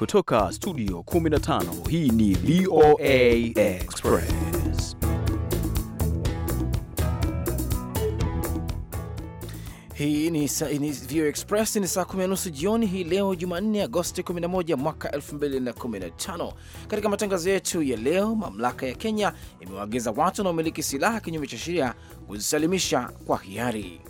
Kutoka studio 15 hii ni VOA Express. Hii ni, ni VOA Express ni saa kumi na nusu jioni hii leo Jumanne Agosti 11 mwaka 2015. Katika matangazo yetu ya leo, mamlaka ya Kenya imewaagiza watu wanaomiliki silaha kinyume cha sheria kuzisalimisha kwa hiari,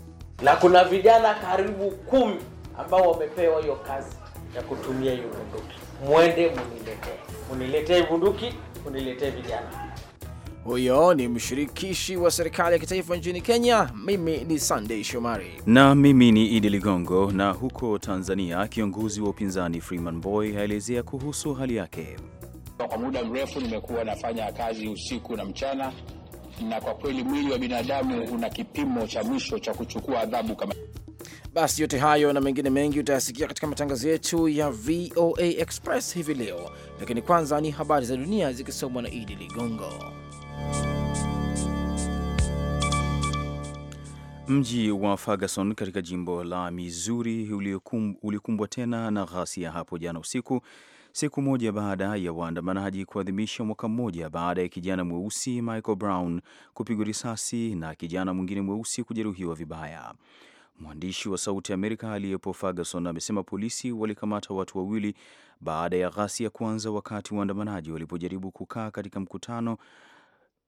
na kuna vijana karibu kumi ambao wamepewa hiyo kazi ya kutumia hiyo bunduki. Mwende muniletee, muniletee bunduki, muniletee vijana. Huyo ni mshirikishi wa serikali ya kitaifa nchini Kenya. Mimi ni Sunday Shomari na mimi ni Idi Ligongo. Na huko Tanzania, kiongozi wa upinzani Freeman Boy aelezea kuhusu hali yake. Kwa muda mrefu nimekuwa nafanya kazi usiku na mchana, na kwa kweli mwili wa binadamu una kipimo cha mwisho cha kuchukua adhabu kama basi yote hayo na mengine mengi utayasikia katika matangazo yetu ya VOA Express hivi leo, lakini kwanza ni habari za dunia zikisomwa na Idi Ligongo. Mji wa Ferguson katika jimbo la Missouri ulikumbwa tena na ghasia hapo jana usiku, siku moja baada ya waandamanaji kuadhimisha mwaka mmoja baada ya kijana mweusi Michael Brown kupigwa risasi na kijana mwingine mweusi kujeruhiwa vibaya. Mwandishi wa Sauti ya Amerika aliyepo Ferguson amesema polisi walikamata watu wawili baada ya ghasia kuanza wakati waandamanaji walipojaribu kukaa katika mkutano,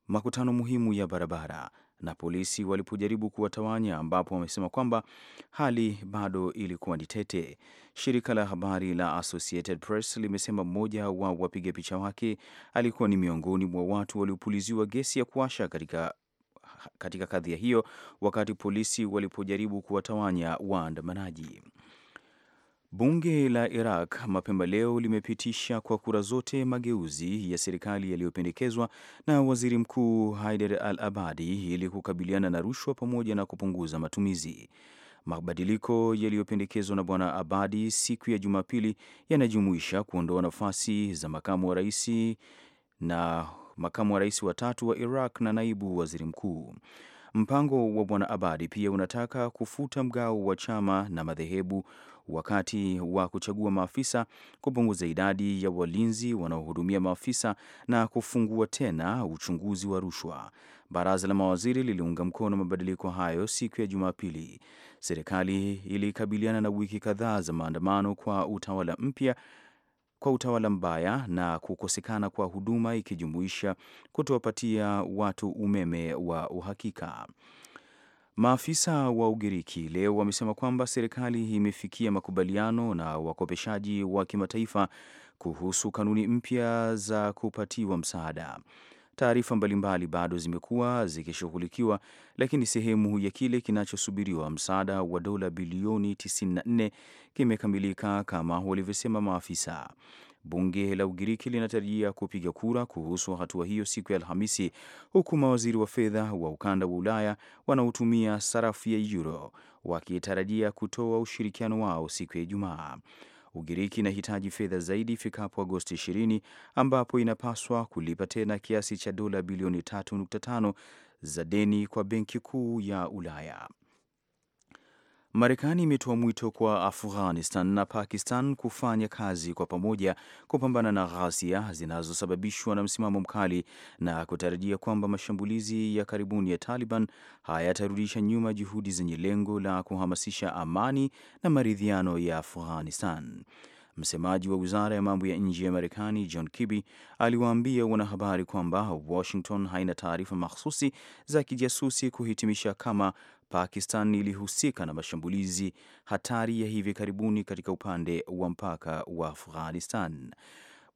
makutano muhimu ya barabara na polisi walipojaribu kuwatawanya, ambapo wamesema kwamba hali bado ilikuwa ni tete. Shirika la habari la Associated Press limesema mmoja wa wapiga picha wake alikuwa ni miongoni mwa watu waliopuliziwa gesi ya kuasha katika katika kadhia hiyo wakati polisi walipojaribu kuwatawanya waandamanaji. Bunge la Iraq mapema leo limepitisha kwa kura zote mageuzi ya serikali yaliyopendekezwa na waziri mkuu Haider al-Abadi ili kukabiliana na rushwa pamoja na kupunguza matumizi. Mabadiliko yaliyopendekezwa na Bwana Abadi siku ya Jumapili yanajumuisha kuondoa nafasi za makamu wa rais na makamu wa rais wa tatu wa Iraq na naibu waziri mkuu. Mpango wa Bwana Abadi pia unataka kufuta mgao wa chama na madhehebu wakati wa kuchagua maafisa, kupunguza idadi ya walinzi wanaohudumia maafisa na kufungua tena uchunguzi wa rushwa. Baraza la mawaziri liliunga mkono mabadiliko hayo siku ya Jumapili. Serikali ilikabiliana na wiki kadhaa za maandamano kwa utawala mpya kwa utawala mbaya na kukosekana kwa huduma ikijumuisha kutowapatia watu umeme wa uhakika. Maafisa wa Ugiriki leo wamesema kwamba serikali imefikia makubaliano na wakopeshaji wa kimataifa kuhusu kanuni mpya za kupatiwa msaada taarifa mbalimbali bado zimekuwa zikishughulikiwa, lakini sehemu ya kile kinachosubiriwa msaada wa dola bilioni 94 kimekamilika kama walivyosema maafisa. Bunge la Ugiriki linatarajia kupiga kura kuhusu hatua hiyo siku ya Alhamisi, huku mawaziri wa fedha wa ukanda wa Ulaya wanaotumia sarafu ya euro wakitarajia kutoa ushirikiano wao siku ya Ijumaa. Ugiriki inahitaji fedha zaidi ifikapo Agosti 20 ambapo inapaswa kulipa tena kiasi cha dola bilioni 3.5 za deni kwa Benki Kuu ya Ulaya. Marekani imetoa mwito kwa Afghanistan na Pakistan kufanya kazi kwa pamoja kupambana na ghasia zinazosababishwa na msimamo mkali na kutarajia kwamba mashambulizi ya karibuni ya Taliban hayatarudisha nyuma juhudi zenye lengo la kuhamasisha amani na maridhiano ya Afghanistan. Msemaji wa wizara ya mambo ya nje ya Marekani John Kirby aliwaambia wanahabari kwamba Washington haina taarifa mahsusi za kijasusi kuhitimisha kama Pakistan ilihusika na mashambulizi hatari ya hivi karibuni katika upande wa mpaka wa Afghanistan.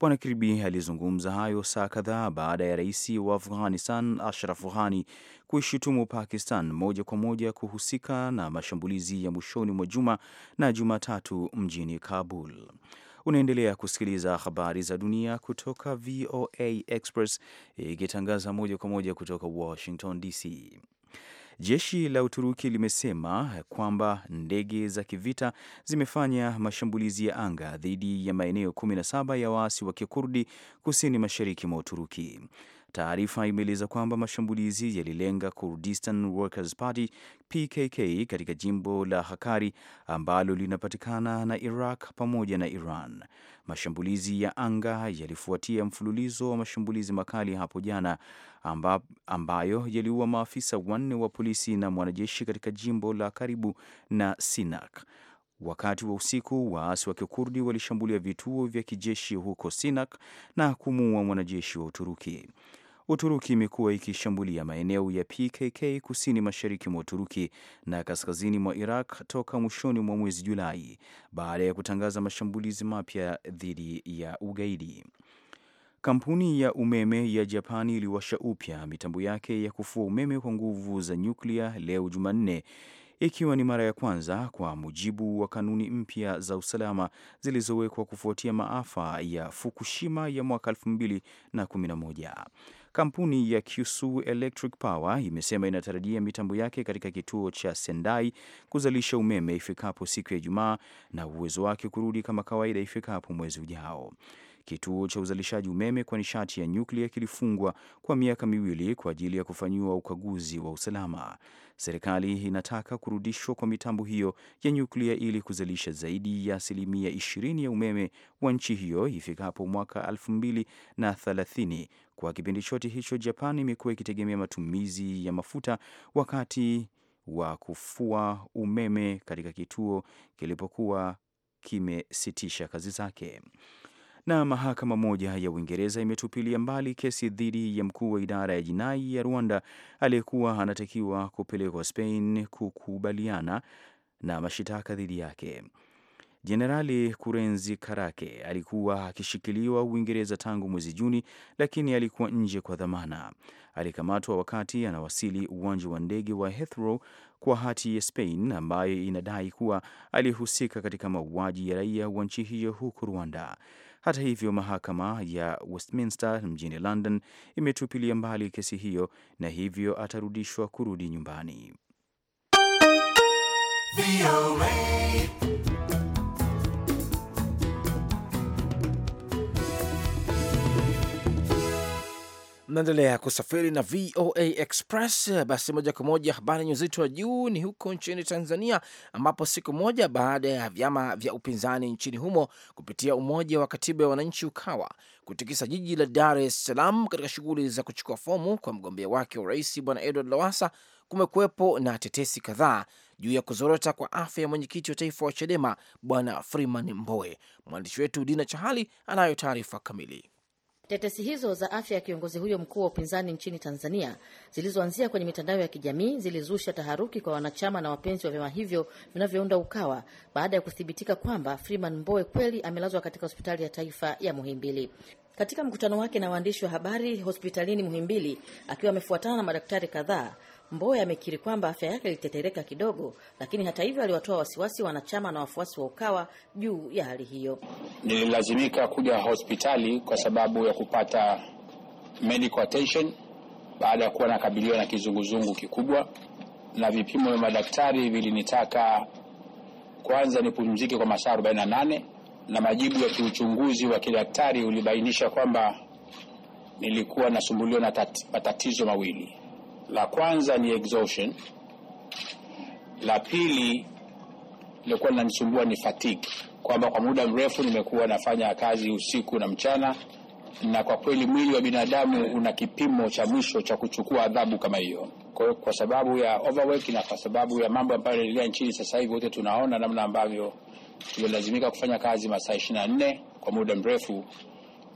Bwana Kirby alizungumza hayo saa kadhaa baada ya rais wa Afghanistan Ashraf Ghani kuishutumu Pakistan moja kwa moja kuhusika na mashambulizi ya mwishoni mwa juma na Jumatatu mjini Kabul. Unaendelea kusikiliza habari za dunia kutoka VOA Express ikitangaza moja kwa moja kutoka Washington DC. Jeshi la Uturuki limesema kwamba ndege za kivita zimefanya mashambulizi ya anga dhidi ya maeneo 17 ya waasi wa Kikurdi kusini mashariki mwa Uturuki. Taarifa imeeleza kwamba mashambulizi yalilenga Kurdistan Workers Party PKK katika jimbo la hakari ambalo linapatikana na Iraq pamoja na Iran. Mashambulizi ya anga yalifuatia mfululizo wa mashambulizi makali hapo jana amba, ambayo yaliua maafisa wanne wa polisi na mwanajeshi katika jimbo la karibu na Sinak. Wakati wa usiku, waasi wa kikurdi walishambulia vituo vya kijeshi huko Sinak na kumuua mwanajeshi wa Uturuki. Uturuki imekuwa ikishambulia maeneo ya PKK kusini mashariki mwa Uturuki na kaskazini mwa Iraq toka mwishoni mwa mwezi Julai baada ya kutangaza mashambulizi mapya dhidi ya ugaidi. Kampuni ya umeme ya Japani iliwasha upya mitambo yake ya kufua umeme kwa nguvu za nyuklia leo Jumanne ikiwa ni mara ya kwanza kwa mujibu wa kanuni mpya za usalama zilizowekwa kufuatia maafa ya Fukushima ya mwaka 2011. Kampuni ya Kyushu Electric Power imesema inatarajia mitambo yake katika kituo cha Sendai kuzalisha umeme ifikapo siku ya Ijumaa na uwezo wake kurudi kama kawaida ifikapo mwezi ujao. Kituo cha uzalishaji umeme kwa nishati ya nyuklia kilifungwa kwa miaka miwili kwa ajili ya kufanyiwa ukaguzi wa usalama. Serikali inataka kurudishwa kwa mitambo hiyo ya nyuklia ili kuzalisha zaidi ya asilimia 20 ya umeme wa nchi hiyo ifikapo mwaka 2030. Kwa kipindi chote hicho, Japan imekuwa ikitegemea matumizi ya mafuta wakati wa kufua umeme katika kituo kilipokuwa kimesitisha kazi zake. Na mahakama moja ya Uingereza imetupilia mbali kesi dhidi ya mkuu wa idara ya jinai ya Rwanda aliyekuwa anatakiwa kupelekwa Spain kukubaliana na mashitaka dhidi yake. Jenerali Kurenzi Karake alikuwa akishikiliwa Uingereza tangu mwezi Juni, lakini alikuwa nje kwa dhamana. Alikamatwa wakati anawasili uwanja wa ndege wa Heathrow kwa hati ya Spain ambayo inadai kuwa alihusika katika mauaji ya raia wa nchi hiyo huko Rwanda. Hata hivyo, mahakama ya Westminster mjini London imetupilia mbali kesi hiyo na hivyo atarudishwa kurudi nyumbani. Naendelea kusafiri na VOA Express. Basi moja kwa moja, habari yenye uzito wa juu ni huko nchini Tanzania, ambapo siku moja baada ya vyama vya upinzani nchini humo kupitia Umoja wa Katiba ya Wananchi UKAWA kutikisa jiji la Dar es Salaam katika shughuli za kuchukua fomu kwa mgombea wake wa urais Bwana Edward Lowassa, kumekuwepo na tetesi kadhaa juu ya kuzorota kwa afya ya mwenyekiti wa taifa wa CHADEMA Bwana Freeman Mbowe. Mwandishi wetu Dina Chahali anayo taarifa kamili. Tetesi hizo za afya ya kiongozi huyo mkuu wa upinzani nchini Tanzania zilizoanzia kwenye mitandao ya kijamii zilizusha taharuki kwa wanachama na wapenzi wa vyama hivyo vinavyounda Ukawa baada ya kuthibitika kwamba Freeman Mbowe kweli amelazwa katika hospitali ya taifa ya Muhimbili. Katika mkutano wake na waandishi wa habari hospitalini Muhimbili, akiwa amefuatana na madaktari kadhaa, Mboya amekiri kwamba afya yake ilitetereka kidogo, lakini hata hivyo aliwatoa wasiwasi wanachama na wafuasi wa Ukawa juu ya hali hiyo. Nililazimika kuja hospitali kwa sababu ya kupata medical attention baada ya kuwa nakabiliwa na kizunguzungu kikubwa, na vipimo vya madaktari vilinitaka kwanza nipumzike kwa masaa 48 na majibu ya kiuchunguzi wa kidaktari ulibainisha kwamba nilikuwa nasumbuliwa na matatizo mawili. La kwanza ni exhaustion, la pili lilikuwa linanisumbua ni fatigue, kwamba kwa muda mrefu nimekuwa nafanya kazi usiku na mchana, na kwa kweli mwili wa binadamu una kipimo cha mwisho cha kuchukua adhabu kama hiyo. Kwa, kwa sababu ya overwork na kwa sababu ya mambo ambayo yanaendelea nchini sasa hivi, wote tunaona namna ambavyo tumelazimika kufanya kazi masaa 24 kwa muda mrefu,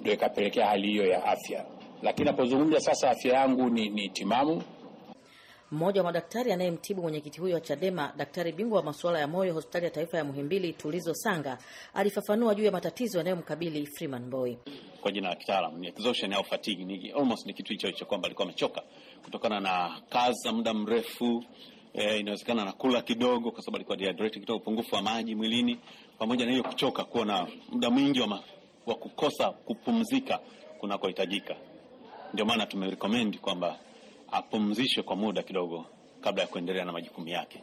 ndio ikapelekea hali hiyo ya afya. Lakini napozungumza sasa, afya yangu ni, ni timamu. Mmoja wa madaktari anayemtibu mwenyekiti huyo wa Chadema, daktari bingwa wa masuala ya moyo hospitali ya taifa ya Muhimbili, Tulizo Sanga, alifafanua juu ya matatizo yanayomkabili Freeman Mbowe. Kwa jina la kitaalam ni exhaustion au fatigue, ni almost ni kitu hicho hicho kwamba alikuwa amechoka kutokana na kazi za muda mrefu. E, inawezekana na kula kidogo, kwa sababu alikuwa dehydrated kidogo, upungufu wa maji mwilini, pamoja na hiyo kuchoka, kuwa na muda mwingi wa, wa kukosa kupumzika kunakohitajika. Ndio maana tumerecommend kwamba apumzishwe kwa muda kidogo kabla ya kuendelea na majukumu yake.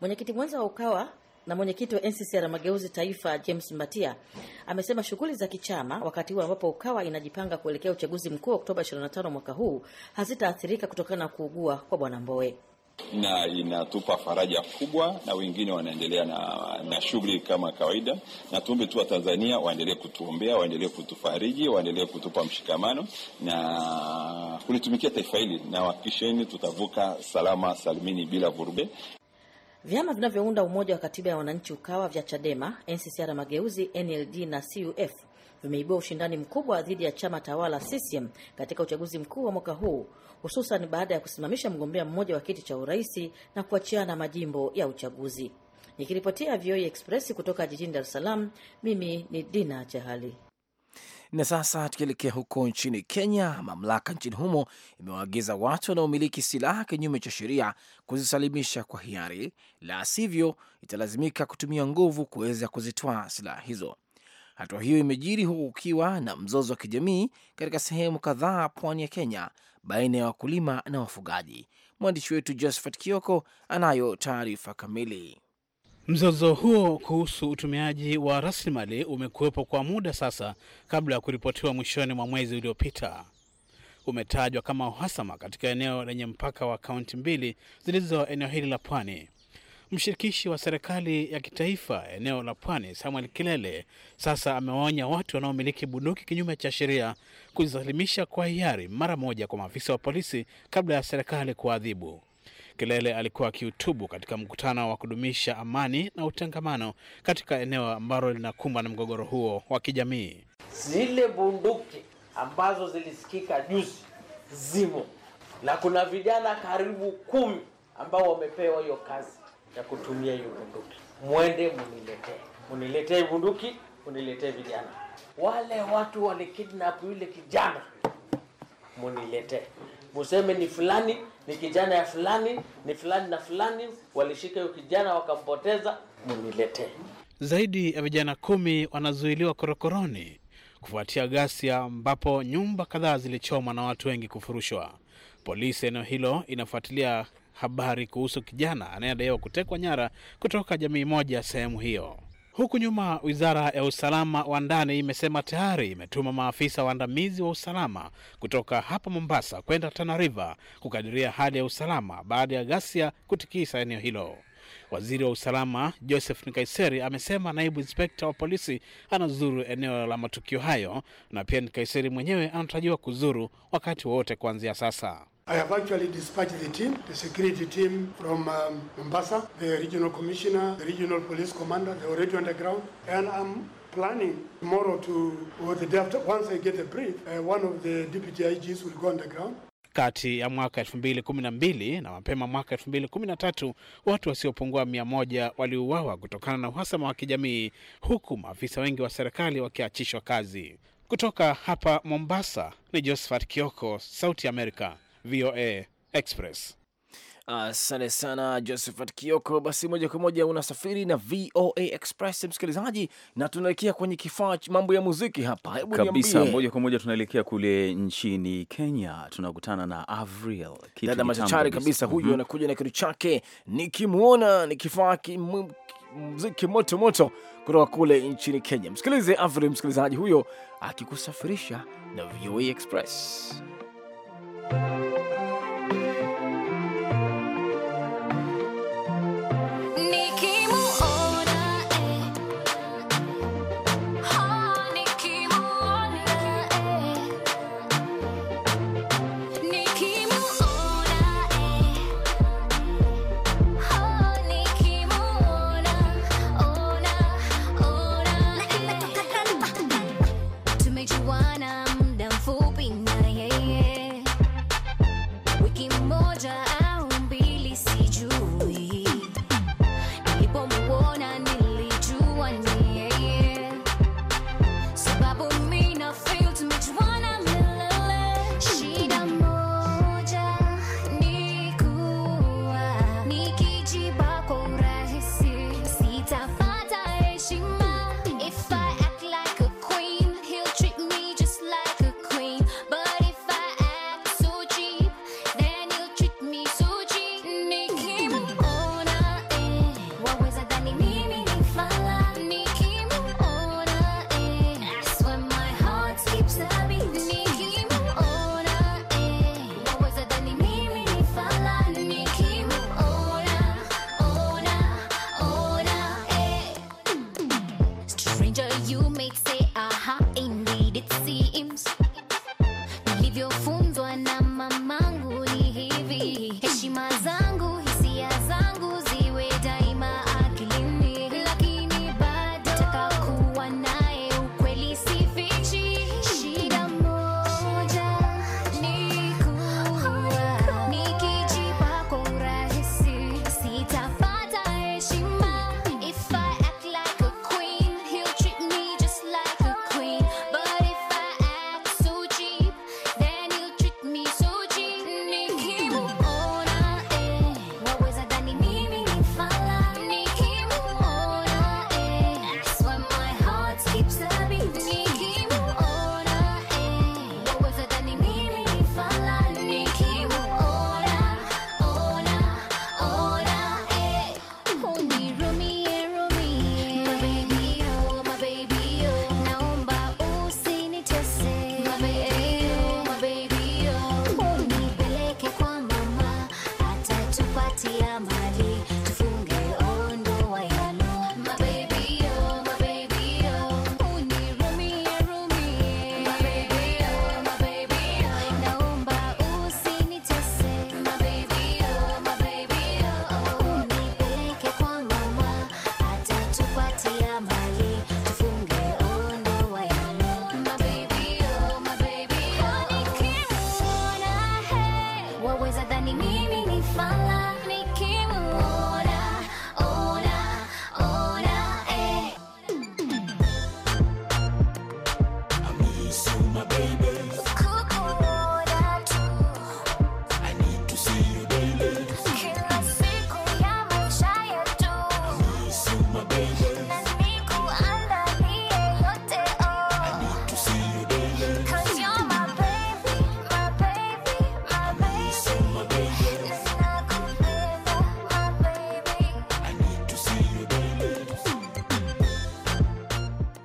Mwenyekiti mwenza wa UKAWA na mwenyekiti wa NCCR Mageuzi Taifa James Mbatia amesema shughuli za kichama wakati huu ambapo UKAWA inajipanga kuelekea uchaguzi mkuu wa Oktoba 25 mwaka huu hazitaathirika kutokana na kuugua kwa Bwana Mbowe na inatupa faraja kubwa, na wengine wanaendelea na, na shughuli kama kawaida, na tuombe tu Watanzania waendelee kutuombea, waendelee kutufariji, waendelee kutupa mshikamano na kulitumikia taifa hili, na wahakikisheni tutavuka salama salimini bila vurbe Vyama vinavyounda umoja wa katiba ya wananchi Ukawa vya Chadema, NCCR Mageuzi, NLD na CUF vimeibua ushindani mkubwa dhidi ya chama tawala CCM katika uchaguzi mkuu wa mwaka huu, hususan baada ya kusimamisha mgombea mmoja wa kiti cha uraisi na kuachiana majimbo ya uchaguzi. Nikiripotia VOA e Express kutoka jijini Dar es Salaam, mimi ni Dina Chahali. Na sasa tukielekea huko nchini Kenya, mamlaka nchini humo imewaagiza watu wanaomiliki silaha kinyume cha sheria kuzisalimisha kwa hiari, la sivyo italazimika kutumia nguvu kuweza kuzitwaa silaha hizo. Hatua hiyo imejiri huku kukiwa na mzozo wa kijamii katika sehemu kadhaa pwani ya Kenya baina ya wakulima na wafugaji. Mwandishi wetu Josephat Kioko anayo taarifa kamili. Mzozo huo kuhusu utumiaji wa rasilimali umekuwepo kwa muda sasa, kabla ya kuripotiwa mwishoni mwa mwezi uliopita. Umetajwa kama uhasama katika eneo lenye mpaka wa kaunti mbili zilizo eneo hili la pwani. Mshirikishi wa serikali ya kitaifa eneo la Pwani, Samuel Kilele, sasa amewaonya watu wanaomiliki bunduki kinyume cha sheria kuzisalimisha kwa hiari mara moja kwa maafisa wa polisi kabla ya serikali kuadhibu. Kilele alikuwa akihutubu katika mkutano wa kudumisha amani na utangamano katika eneo ambalo linakumbwa na mgogoro huo wa kijamii. Zile bunduki ambazo zilisikika juzi zimo na kuna vijana karibu kumi ambao wamepewa hiyo kazi ya kutumia hiyo bunduki, mwende muniletee, muniletee bunduki, muniletee vijana wale watu walikidnap yule kijana, muniletee museme ni fulani, ni kijana ya fulani, ni fulani na fulani, walishika hiyo kijana wakampoteza, muniletee. Zaidi ya vijana kumi wanazuiliwa korokoroni kufuatia ghasia ambapo nyumba kadhaa zilichomwa na watu wengi kufurushwa. Polisi eneo hilo inafuatilia habari kuhusu kijana anayedaiwa kutekwa nyara kutoka jamii moja sehemu hiyo. Huku nyuma, wizara ya usalama wa ndani imesema tayari imetuma maafisa waandamizi wa usalama kutoka hapa Mombasa kwenda Tana kukadiria hali ya usalama baada ya ghasia kutikisa eneo hilo. Waziri wa usalama Joseph Nkaiseri amesema naibu inspekta wa polisi anazuru eneo la matukio hayo, na pia Nkaiseri mwenyewe anatarajiwa kuzuru wakati wowote kuanzia sasa. I have actually dispatched the team, the security team from um, Mombasa, the regional commissioner, the regional police commander, the already underground, and I'm planning tomorrow to, or the day after, once I get a brief, uh, one of the deputy IGs will go underground. Kati ya mwaka 2012 na mapema mwaka 2013 watu wasiopungua mia moja waliuawa kutokana na uhasama wa kijamii, huku maafisa wengi wa serikali wakiachishwa kazi. Kutoka hapa Mombasa ni Josephat Kioko, Sauti Amerika. VOA Express. Asante uh, sana Josephat Kioko. Basi moja kwa moja unasafiri na VOA Express msikilizaji, na tunaelekea kwenye kifaa mambo ya muziki hapa. Hebu kabisa, moja kwa moja tunaelekea kule nchini Kenya, tunakutana na Avril, dada machachari kabisa huyu. mm -hmm. Anakuja na kitu chake, nikimwona ni kifaa muziki moto moto kutoka kule nchini Kenya. Msikilize Avril msikilizaji huyo akikusafirisha na VOA Express.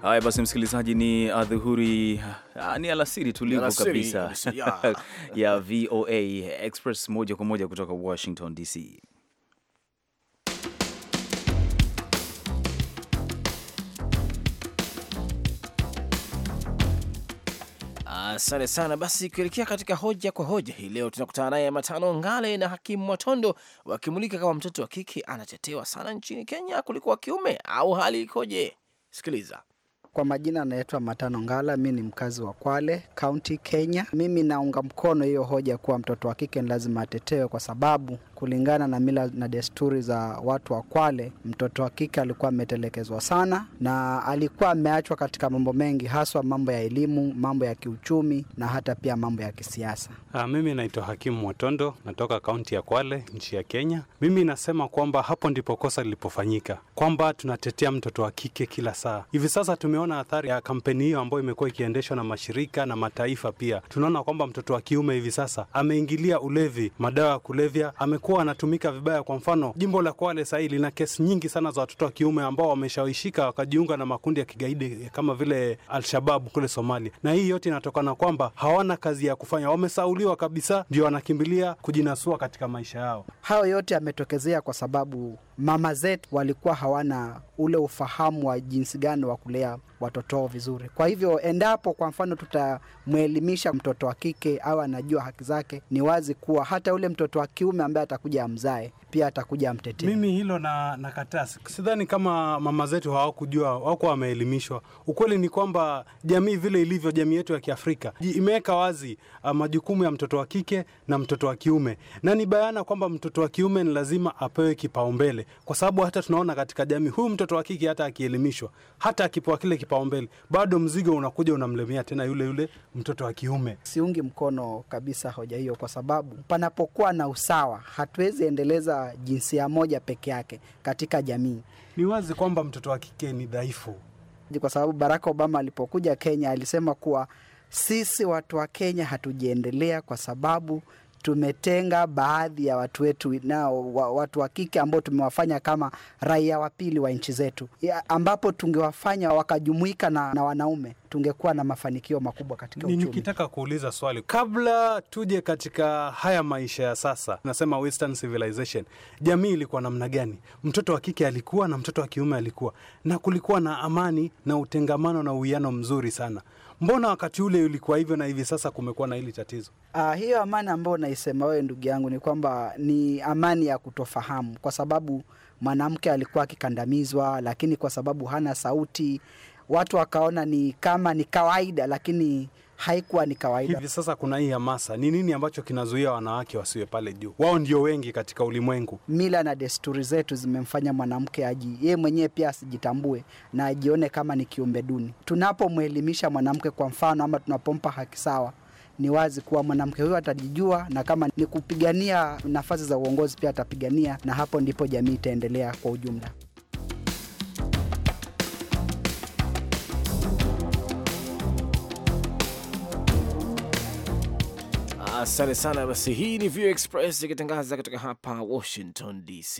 Haya basi, msikilizaji, ni adhuhuri uh, uh, ni alasiri tulivu alasiri kabisa ya, VOA Express moja kwa moja kutoka Washington DC. Asante sana. Basi kuelekea katika hoja kwa hoja hii leo, tunakutana naye Matano Ngale na Hakimu Mwatondo wakimulika kama mtoto wa kike anatetewa sana nchini Kenya kuliko wa kiume au hali ikoje? Sikiliza. Kwa majina anaitwa Matano Ngala, mi ni mkazi wa Kwale County, Kenya. Mimi naunga mkono hiyo hoja kuwa mtoto wa kike ni lazima atetewe, kwa sababu kulingana na mila na desturi za watu wa Kwale, mtoto wa kike alikuwa ametelekezwa sana na alikuwa ameachwa katika mambo mengi, haswa mambo ya elimu, mambo ya kiuchumi na hata pia mambo ya kisiasa. Ha, ah, mimi naitwa Hakimu Mwatondo, natoka kaunti ya Kwale, nchi ya Kenya. Mimi nasema kwamba hapo ndipo kosa lilipofanyika, kwamba tunatetea mtoto wa kike kila saa. Hivi sasa tumeona tunaona athari ya kampeni hiyo ambayo imekuwa ikiendeshwa na mashirika na mataifa pia. Tunaona kwamba mtoto wa kiume hivi sasa ameingilia ulevi, madawa ya kulevya, amekuwa anatumika vibaya. Kwa mfano, jimbo la Kwale sahii lina kesi nyingi sana za watoto wa kiume ambao wameshawishika wakajiunga na makundi ya kigaidi kama vile Alshababu kule Somalia, na hii yote inatokana kwamba hawana kazi ya kufanya, wamesauliwa kabisa, ndio wanakimbilia kujinasua katika maisha yao. Hayo yote yametokezea kwa sababu mama zetu walikuwa hawana ule ufahamu wa jinsi gani wa kulea watoto vizuri. Kwa hivyo, endapo kwa mfano tutamwelimisha mtoto wa kike au anajua haki zake, ni wazi kuwa hata ule mtoto wa kiume ambaye atakuja amzae pia atakuja amtetee. Mimi hilo na nakataa, sidhani kama mama zetu hawakujua, wakuwa wameelimishwa. Ukweli ni kwamba jamii vile ilivyo, jamii yetu ya Kiafrika imeweka wazi ah, majukumu ya mtoto wa kike na mtoto wa kiume, na ni bayana kwamba mtoto wa kiume ni lazima apewe kipaumbele kwa sababu hata tunaona katika jamii, huyu mtoto wa kike hata akielimishwa, hata akipewa kile kipaumbele, bado mzigo unakuja unamlemea tena yule yule mtoto wa kiume. Siungi mkono kabisa hoja hiyo, kwa sababu panapokuwa na usawa, hatuwezi endeleza jinsia moja peke yake katika jamii. Ni wazi kwamba mtoto wa kike ni dhaifu, kwa sababu Barack Obama alipokuja Kenya alisema kuwa sisi watu wa Kenya hatujiendelea kwa sababu tumetenga baadhi ya watu wetu nao wa, watu wa kike ambao tumewafanya kama raia wa pili wa nchi zetu, ambapo tungewafanya wakajumuika na, na wanaume tungekuwa na mafanikio makubwa katika uchumi. Nikitaka kuuliza swali kabla tuje katika haya maisha ya sasa, nasema Western civilization, jamii ilikuwa namna gani? Mtoto wa kike alikuwa na mtoto wa kiume alikuwa na, kulikuwa na amani na utengamano na uwiano mzuri sana mbona wakati ule ulikuwa hivyo na hivi sasa kumekuwa na hili tatizo? Uh, hiyo amani ambayo unaisema wewe ndugu yangu ni kwamba ni amani ya kutofahamu, kwa sababu mwanamke alikuwa akikandamizwa, lakini kwa sababu hana sauti watu wakaona ni kama ni kawaida, lakini haikuwa ni kawaida. Hivi sasa kuna hii hamasa, ni nini ambacho kinazuia wanawake wasiwe pale juu? Wao ndio wengi katika ulimwengu. Mila na desturi zetu zimemfanya mwanamke aji yeye mwenyewe pia asijitambue na ajione kama ni kiumbe duni. Tunapomwelimisha mwanamke kwa mfano, ama tunapompa haki sawa ni wazi kuwa mwanamke huyo atajijua, na kama ni kupigania nafasi za uongozi pia atapigania, na hapo ndipo jamii itaendelea kwa ujumla. Asante sana basi, hii ni View Express ikitangaza kutoka hapa Washington DC.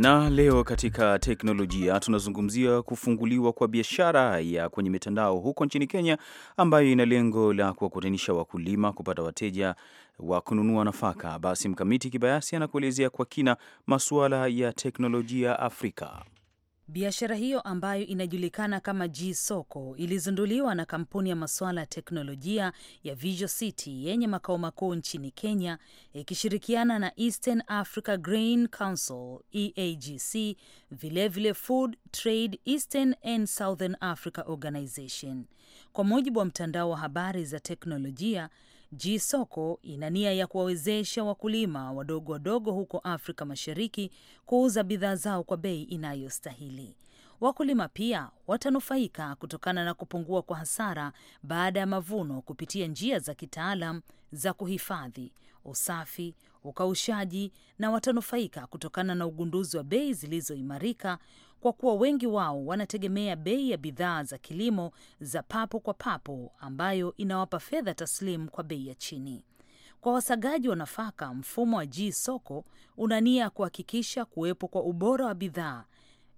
Na leo katika teknolojia tunazungumzia kufunguliwa kwa biashara ya kwenye mitandao huko nchini Kenya, ambayo ina lengo la kuwakutanisha wakulima kupata wateja wa kununua nafaka. Basi Mkamiti Kibayasi anakuelezea kwa kina masuala ya teknolojia Afrika. Biashara hiyo ambayo inajulikana kama G Soko ilizinduliwa na kampuni ya masuala ya teknolojia ya Visual City yenye makao makuu nchini Kenya ikishirikiana na Eastern Africa Grain Council EAGC, vilevile Food Trade Eastern and Southern Africa Organization. Kwa mujibu wa mtandao wa habari za teknolojia Jisoko ina nia ya kuwawezesha wakulima wadogo wadogo huko Afrika Mashariki kuuza bidhaa zao kwa bei inayostahili. Wakulima pia watanufaika kutokana na kupungua kwa hasara baada ya mavuno kupitia njia za kitaalam za kuhifadhi, usafi, ukaushaji na watanufaika kutokana na ugunduzi wa bei zilizoimarika kwa kuwa wengi wao wanategemea bei ya bidhaa za kilimo za papo kwa papo ambayo inawapa fedha taslimu kwa bei ya chini. Kwa wasagaji wa nafaka, mfumo wa ji soko una nia ya kuhakikisha kuwepo kwa ubora wa bidhaa,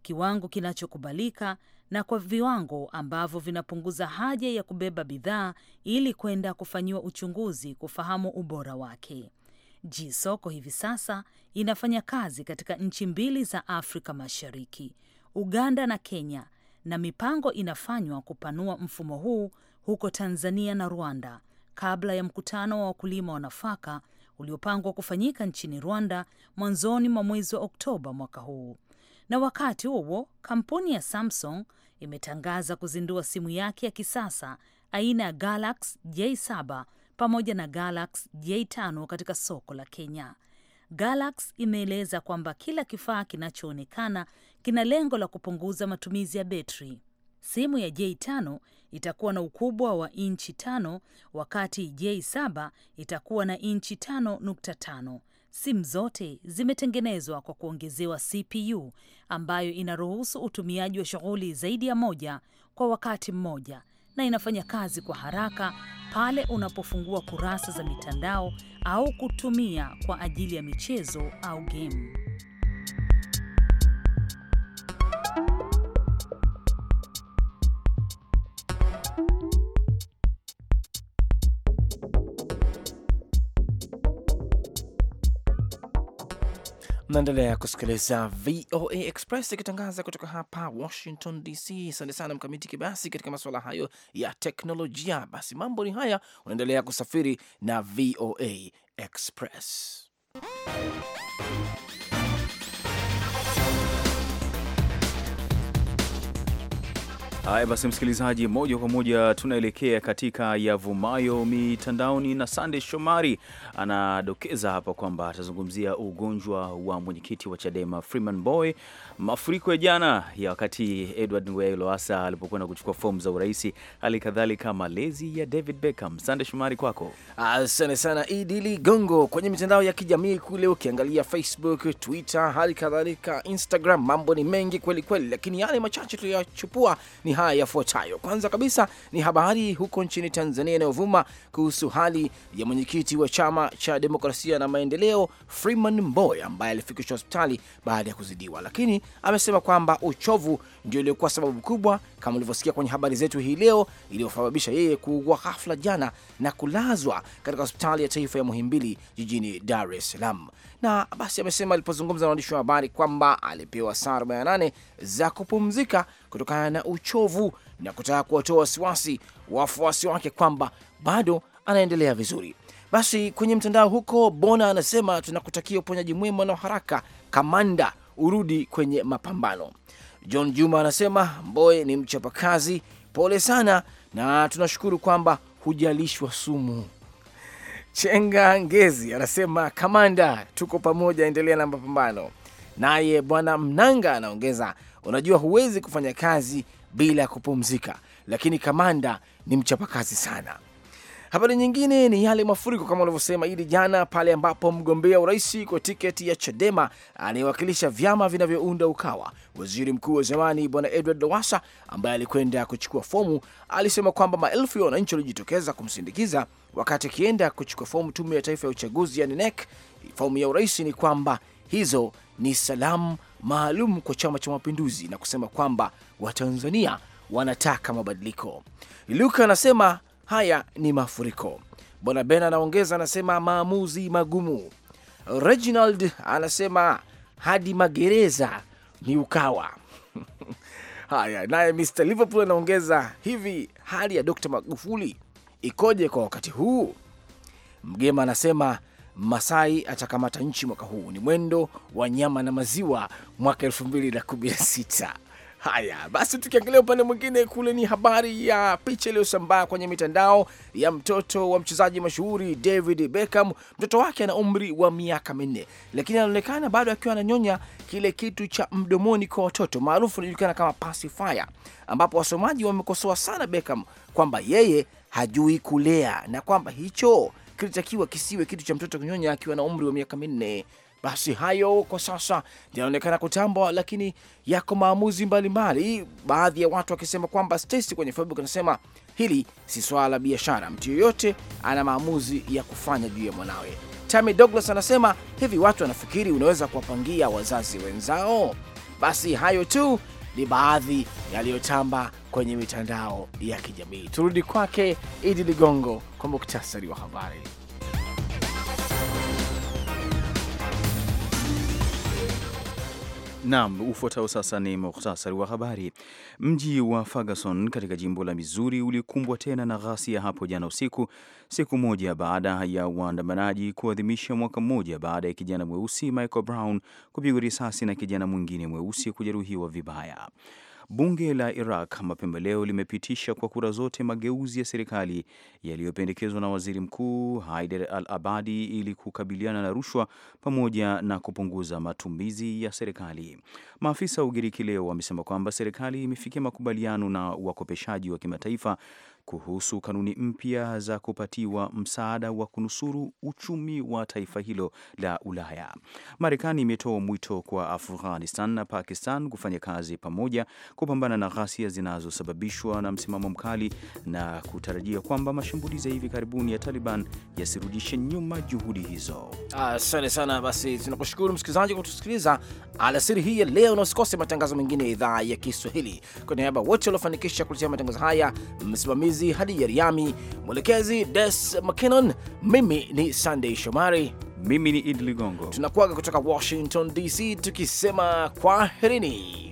kiwango kinachokubalika na kwa viwango ambavyo vinapunguza haja ya kubeba bidhaa ili kwenda kufanyiwa uchunguzi kufahamu ubora wake. Ji soko hivi sasa inafanya kazi katika nchi mbili za Afrika Mashariki, Uganda na Kenya, na mipango inafanywa kupanua mfumo huu huko Tanzania na Rwanda kabla ya mkutano wa wakulima wa nafaka uliopangwa kufanyika nchini Rwanda mwanzoni mwa mwezi wa Oktoba mwaka huu. Na wakati huo kampuni ya Samsung imetangaza kuzindua simu yake ya kisasa aina ya Galaxy J7 pamoja na Galaxy J5 katika soko la Kenya. Galaxy imeeleza kwamba kila kifaa kinachoonekana kina lengo la kupunguza matumizi ya betri. Simu ya J5 itakuwa na ukubwa wa inchi tano wakati J7 itakuwa na inchi tano nukta tano. Simu zote zimetengenezwa kwa kuongezewa CPU ambayo inaruhusu utumiaji wa shughuli zaidi ya moja kwa wakati mmoja na inafanya kazi kwa haraka pale unapofungua kurasa za mitandao au kutumia kwa ajili ya michezo au game. naendelea kusikiliza VOA Express ikitangaza kutoka hapa Washington DC. Asante sana Mkamiti Kibasi katika masuala hayo ya teknolojia. Basi mambo ni haya, unaendelea kusafiri na VOA Express Haya basi, msikilizaji, moja kwa moja tunaelekea katika yavumayo mitandaoni, na Sande Shomari anadokeza hapa kwamba atazungumzia ugonjwa wa mwenyekiti wa Chadema Freeman Boy, mafuriko ya jana ya wakati Edward Ngoyai Lowassa alipokwenda kuchukua fomu za uraisi, hali kadhalika malezi ya David Beckham. Sande Shomari, kwako. Asante sana Idi Ligongo. Kwenye mitandao ya kijamii kule, ukiangalia Facebook, Twitter, hali kadhalika Instagram, mambo ni mengi kwelikweli, lakini yale machache tuyachupua ni ni haya yafuatayo. Kwanza kabisa ni habari huko nchini Tanzania inayovuma kuhusu hali ya mwenyekiti wa chama cha demokrasia na maendeleo Freeman Mbowe ambaye alifikishwa hospitali baada ya kuzidiwa, lakini amesema kwamba uchovu ndio iliyokuwa sababu kubwa, kama ulivyosikia kwenye habari zetu hii leo, iliyosababisha yeye kuugua ghafla jana na kulazwa katika hospitali ya taifa ya Muhimbili jijini Dar es Salaam na basi amesema alipozungumza na waandishi wa habari kwamba alipewa saa 48 za kupumzika kutokana na uchovu na kutaka kuwatoa wasiwasi wafuasi wake kwamba bado anaendelea vizuri. Basi kwenye mtandao huko, Bona anasema tunakutakia uponyaji mwema na haraka, kamanda, urudi kwenye mapambano. John Juma anasema Mboe ni mchapakazi, pole sana na tunashukuru kwamba hujalishwa sumu. Chenga Ngezi anasema kamanda, tuko pamoja, endelea na mapambano. Naye bwana Mnanga anaongeza, unajua huwezi kufanya kazi bila kupumzika, lakini kamanda ni mchapakazi sana. Habari nyingine ni yale mafuriko kama ulivyosema, ili jana pale ambapo mgombea urais kwa tiketi ya Chadema anayewakilisha vyama vinavyounda Ukawa, waziri mkuu wa zamani Bwana Edward Lowassa ambaye alikwenda kuchukua fomu, alisema kwamba maelfu ya wananchi walijitokeza kumsindikiza wakati akienda kuchukua fomu tume ya taifa ya uchaguzi yani NEC. Fomu ya urais ni kwamba hizo ni salamu maalum kwa Chama cha Mapinduzi na kusema kwamba Watanzania wanataka mabadiliko. Luka anasema haya ni mafuriko. Bwana Ben anaongeza, anasema maamuzi magumu. Reginald anasema hadi magereza ni UKAWA. Haya, naye Mr Liverpool anaongeza hivi, hali ya Dr Magufuli ikoje kwa wakati huu? Mgema anasema Masai atakamata nchi mwaka huu, ni mwendo wa nyama na maziwa mwaka elfu mbili na kumi na sita. Haya basi, tukiangalia upande mwingine kule, ni habari ya picha iliyosambaa kwenye mitandao ya mtoto wa mchezaji mashuhuri David Beckham. Mtoto wake ana umri wa miaka minne, lakini anaonekana bado akiwa ananyonya kile kitu cha mdomoni kwa watoto maarufu inajulikana kama pacifier, ambapo wasomaji wamekosoa sana Beckham kwamba yeye hajui kulea na kwamba hicho kilitakiwa kisiwe kitu cha mtoto kunyonya akiwa na umri wa miaka minne. Basi hayo kwa sasa yanaonekana kutambwa, lakini yako maamuzi mbalimbali, baadhi ya watu wakisema kwamba, Stacy kwenye Facebook anasema hili si swala la biashara, mtu yoyote ana maamuzi ya kufanya juu ya mwanawe. Tammy Douglas anasema hivi, watu wanafikiri unaweza kuwapangia wazazi wenzao? Basi hayo tu ni baadhi yaliyotamba kwenye mitandao ya kijamii. Turudi kwake Idi Ligongo kwa muktasari wa habari. Naam, ufuatao sasa ni muhtasari wa habari. Mji wa Ferguson katika jimbo la Missouri ulikumbwa tena na ghasia hapo jana usiku, siku moja baada ya waandamanaji kuadhimisha mwaka mmoja baada ya kijana mweusi Michael Brown kupigwa risasi na kijana mwingine mweusi kujeruhiwa vibaya. Bunge la Iraq mapema leo limepitisha kwa kura zote mageuzi ya serikali yaliyopendekezwa na waziri mkuu Haider al-Abadi ili kukabiliana na rushwa pamoja na kupunguza matumizi ya serikali. Maafisa wa Ugiriki leo wamesema kwamba serikali imefikia makubaliano na wakopeshaji wa kimataifa kuhusu kanuni mpya za kupatiwa msaada wa kunusuru uchumi wa taifa hilo la Ulaya. Marekani imetoa mwito kwa Afghanistan na Pakistan kufanya kazi pamoja kupambana na ghasia zinazosababishwa na msimamo mkali na kutarajia kwamba mashambulizi ya hivi karibuni ya Taliban yasirudishe nyuma juhudi hizo. Asante sana. Basi tunakushukuru msikilizaji kwa kutusikiliza alasiri hii ya leo, na usikose matangazo mengine ya idhaa ya Kiswahili. Kwa niaba wote waliofanikisha kuletea matangazo haya, msimamizi msimamizi hadi Riami, mwelekezi Des McKinnon. Mimi ni Sandey Shomari, mimi ni Idi Ligongo, tunakuaga kutoka Washington DC tukisema kwaherini.